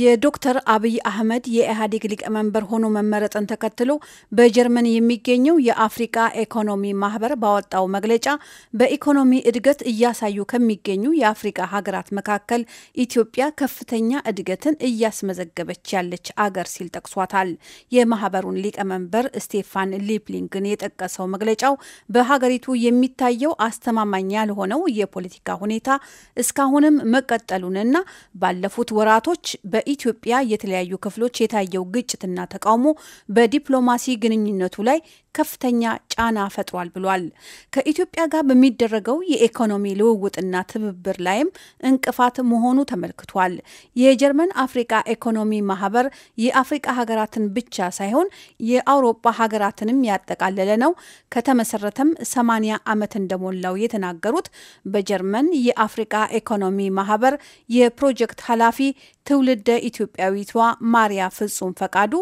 የዶክተር አብይ አህመድ የኢህአዴግ ሊቀመንበር ሆኖ መመረጥን ተከትሎ በጀርመን የሚገኘው የአፍሪካ ኢኮኖሚ ማህበር ባወጣው መግለጫ በኢኮኖሚ እድገት እያሳዩ ከሚገኙ የአፍሪካ ሀገራት መካከል ኢትዮጵያ ከፍተኛ እድገትን እያስመዘገበች ያለች አገር ሲል ጠቅሷታል። የማህበሩን ሊቀመንበር ስቴፋን ሊፕሊንግን የጠቀሰው መግለጫው በሀገሪቱ የሚታየው አስተማማኝ ያልሆነው የፖለቲካ ሁኔታ እስካሁንም መቀጠሉንና ባለፉት ወራቶች በኢትዮጵያ የተለያዩ ክፍሎች የታየው ግጭትና ተቃውሞ በዲፕሎማሲ ግንኙነቱ ላይ ከፍተኛ ጫና ፈጥሯል ብሏል። ከኢትዮጵያ ጋር በሚደረገው የኢኮኖሚ ልውውጥና ትብብር ላይም እንቅፋት መሆኑ ተመልክቷል። የጀርመን አፍሪቃ ኢኮኖሚ ማህበር የአፍሪቃ ሀገራትን ብቻ ሳይሆን የአውሮፓ ሀገራትንም ያጠቃለለ ነው። ከተመሰረተም 80 ዓመት እንደሞላው የተናገሩት በጀርመን የአፍሪቃ ኢኮኖሚ ማህበር የፕሮጀክት ኃላፊ ትውልደ ኢትዮጵያዊቷ ማሪያ ፍጹም ፈቃዱ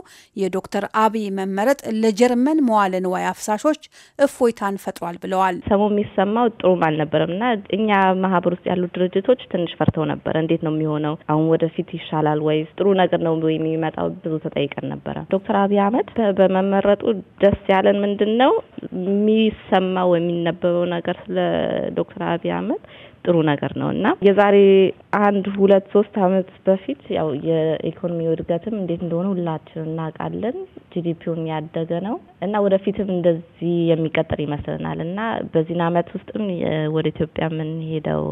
የዶክተር አብይ መመረጥ ለጀርመን መዋለ የንዋይ አፍሳሾች እፎይታን ፈጥሯል ብለዋል። ሰሙ የሚሰማው ጥሩም አልነበረም እና እኛ ማህበር ውስጥ ያሉ ድርጅቶች ትንሽ ፈርተው ነበረ። እንዴት ነው የሚሆነው? አሁን ወደፊት ይሻላል ወይስ ጥሩ ነገር ነው የሚመጣው? ብዙ ተጠይቀን ነበረ። ዶክተር አብይ አህመድ በመመረጡ ደስ ያለን ምንድን ነው የሚሰማው የሚነበበው ነገር ስለ ዶክተር አብይ አህመድ ጥሩ ነገር ነው እና የዛሬ አንድ ሁለት ሶስት አመት በፊት ያው የኢኮኖሚ እድገትም እንዴት እንደሆነ ሁላችን እናውቃለን። ጂዲፒውም ያደገ ነው እና ወደፊትም እንደዚህ የሚቀጥል ይመስለናል እና በዚህን አመት ውስጥም ወደ ኢትዮጵያ የምንሄደው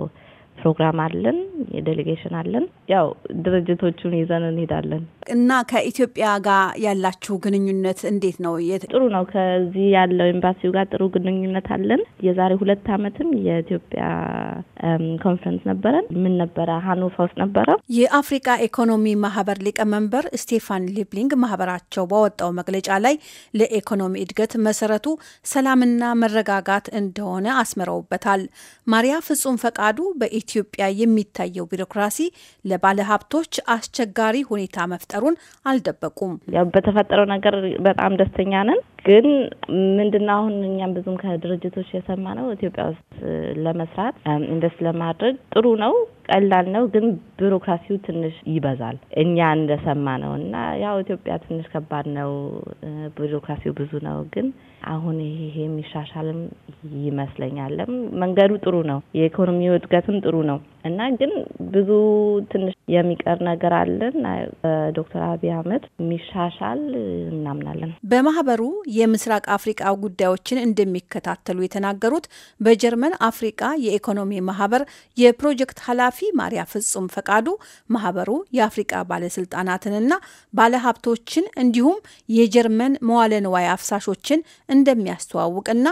ፕሮግራም አለን፣ የዴሌጌሽን አለን። ያው ድርጅቶቹን ይዘን እንሄዳለን እና ከኢትዮጵያ ጋር ያላችሁ ግንኙነት እንዴት ነው? ጥሩ ነው። ከዚህ ያለው ኤምባሲው ጋር ጥሩ ግንኙነት አለን። የዛሬ ሁለት ዓመትም የኢትዮጵያ ኮንፈረንስ ነበረን። ምን ነበረ? ሀኖፋ ውስጥ ነበረ። የአፍሪካ ኢኮኖሚ ማህበር ሊቀመንበር ስቴፋን ሊፕሊንግ ማህበራቸው ባወጣው መግለጫ ላይ ለኢኮኖሚ እድገት መሰረቱ ሰላምና መረጋጋት እንደሆነ አስምረውበታል። ማሪያ ፍጹም ፈቃዱ በኢትዮ በኢትዮጵያ የሚታየው ቢሮክራሲ ለባለሀብቶች አስቸጋሪ ሁኔታ መፍጠሩን አልደበቁም። ያው በተፈጠረው ነገር በጣም ደስተኛ ነን፣ ግን ምንድነው አሁን እኛም ብዙም ከድርጅቶች የሰማ ነው ኢትዮጵያ ውስጥ ለመስራት ኢንቨስት ለማድረግ ጥሩ ነው ቀላል ነው፣ ግን ቢሮክራሲው ትንሽ ይበዛል። እኛ እንደሰማ ነው እና ያው ኢትዮጵያ ትንሽ ከባድ ነው፣ ቢሮክራሲው ብዙ ነው። ግን አሁን ይሄ የሚሻሻልም ይመስለኛለም። መንገዱ ጥሩ ነው። የኢኮኖሚ እድገትም ጥሩ ነው። እና ግን ብዙ ትንሽ የሚቀር ነገር አለን። በዶክተር አብይ አህመድ የሚሻሻል እናምናለን። በማህበሩ የምስራቅ አፍሪቃ ጉዳዮችን እንደሚከታተሉ የተናገሩት በጀርመን አፍሪቃ የኢኮኖሚ ማህበር የፕሮጀክት ኃላፊ ማሪያ ፍጹም ፈቃዱ ማህበሩ የአፍሪቃ ባለስልጣናትንና ባለሀብቶችን እንዲሁም የጀርመን መዋለንዋይ አፍሳሾችን እንደሚያስተዋውቅና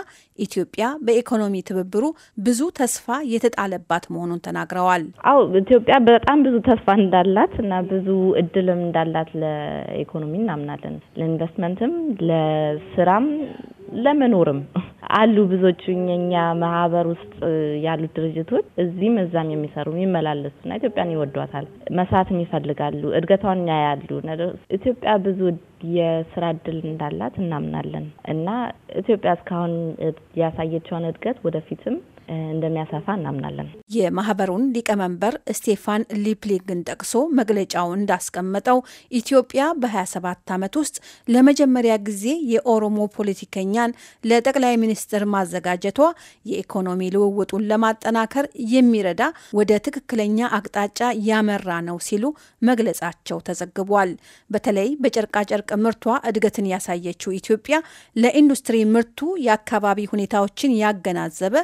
ኢትዮጵያ በኢኮኖሚ ትብብሩ ብዙ ተስፋ የተጣለባት መሆኑን ተናግረዋል። አው ኢትዮጵያ በጣም ብዙ ተስፋ እንዳላት እና ብዙ እድልም እንዳላት ለኢኮኖሚ እናምናለን። ለኢንቨስትመንትም፣ ለስራም፣ ለመኖርም አሉ ብዙዎቹ እኛ ማህበር ውስጥ ያሉት ድርጅቶች እዚህም እዛም የሚሰሩ የሚመላለሱ ና ኢትዮጵያን ይወዷታል፣ መስራትም ይፈልጋሉ፣ እድገቷን ያያሉ። ኢትዮጵያ ብዙ የስራ እድል እንዳላት እናምናለን እና ኢትዮጵያ እስካሁን ያሳየችውን እድገት ወደፊትም እንደሚያሰፋ እናምናለን። የማህበሩን ሊቀመንበር ስቴፋን ሊፕሊግን ጠቅሶ መግለጫው እንዳስቀመጠው ኢትዮጵያ በ27 ዓመት ውስጥ ለመጀመሪያ ጊዜ የኦሮሞ ፖለቲከኛን ለጠቅላይ ሚኒስትር ማዘጋጀቷ የኢኮኖሚ ልውውጡን ለማጠናከር የሚረዳ ወደ ትክክለኛ አቅጣጫ ያመራ ነው ሲሉ መግለጻቸው ተዘግቧል። በተለይ በጨርቃጨርቅ ምርቷ እድገትን ያሳየችው ኢትዮጵያ ለኢንዱስትሪ ምርቱ የአካባቢ ሁኔታዎችን ያገናዘበ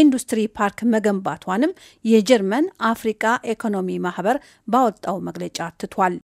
የኢንዱስትሪ ፓርክ መገንባቷንም የጀርመን አፍሪቃ ኢኮኖሚ ማህበር ባወጣው መግለጫ ትቷል።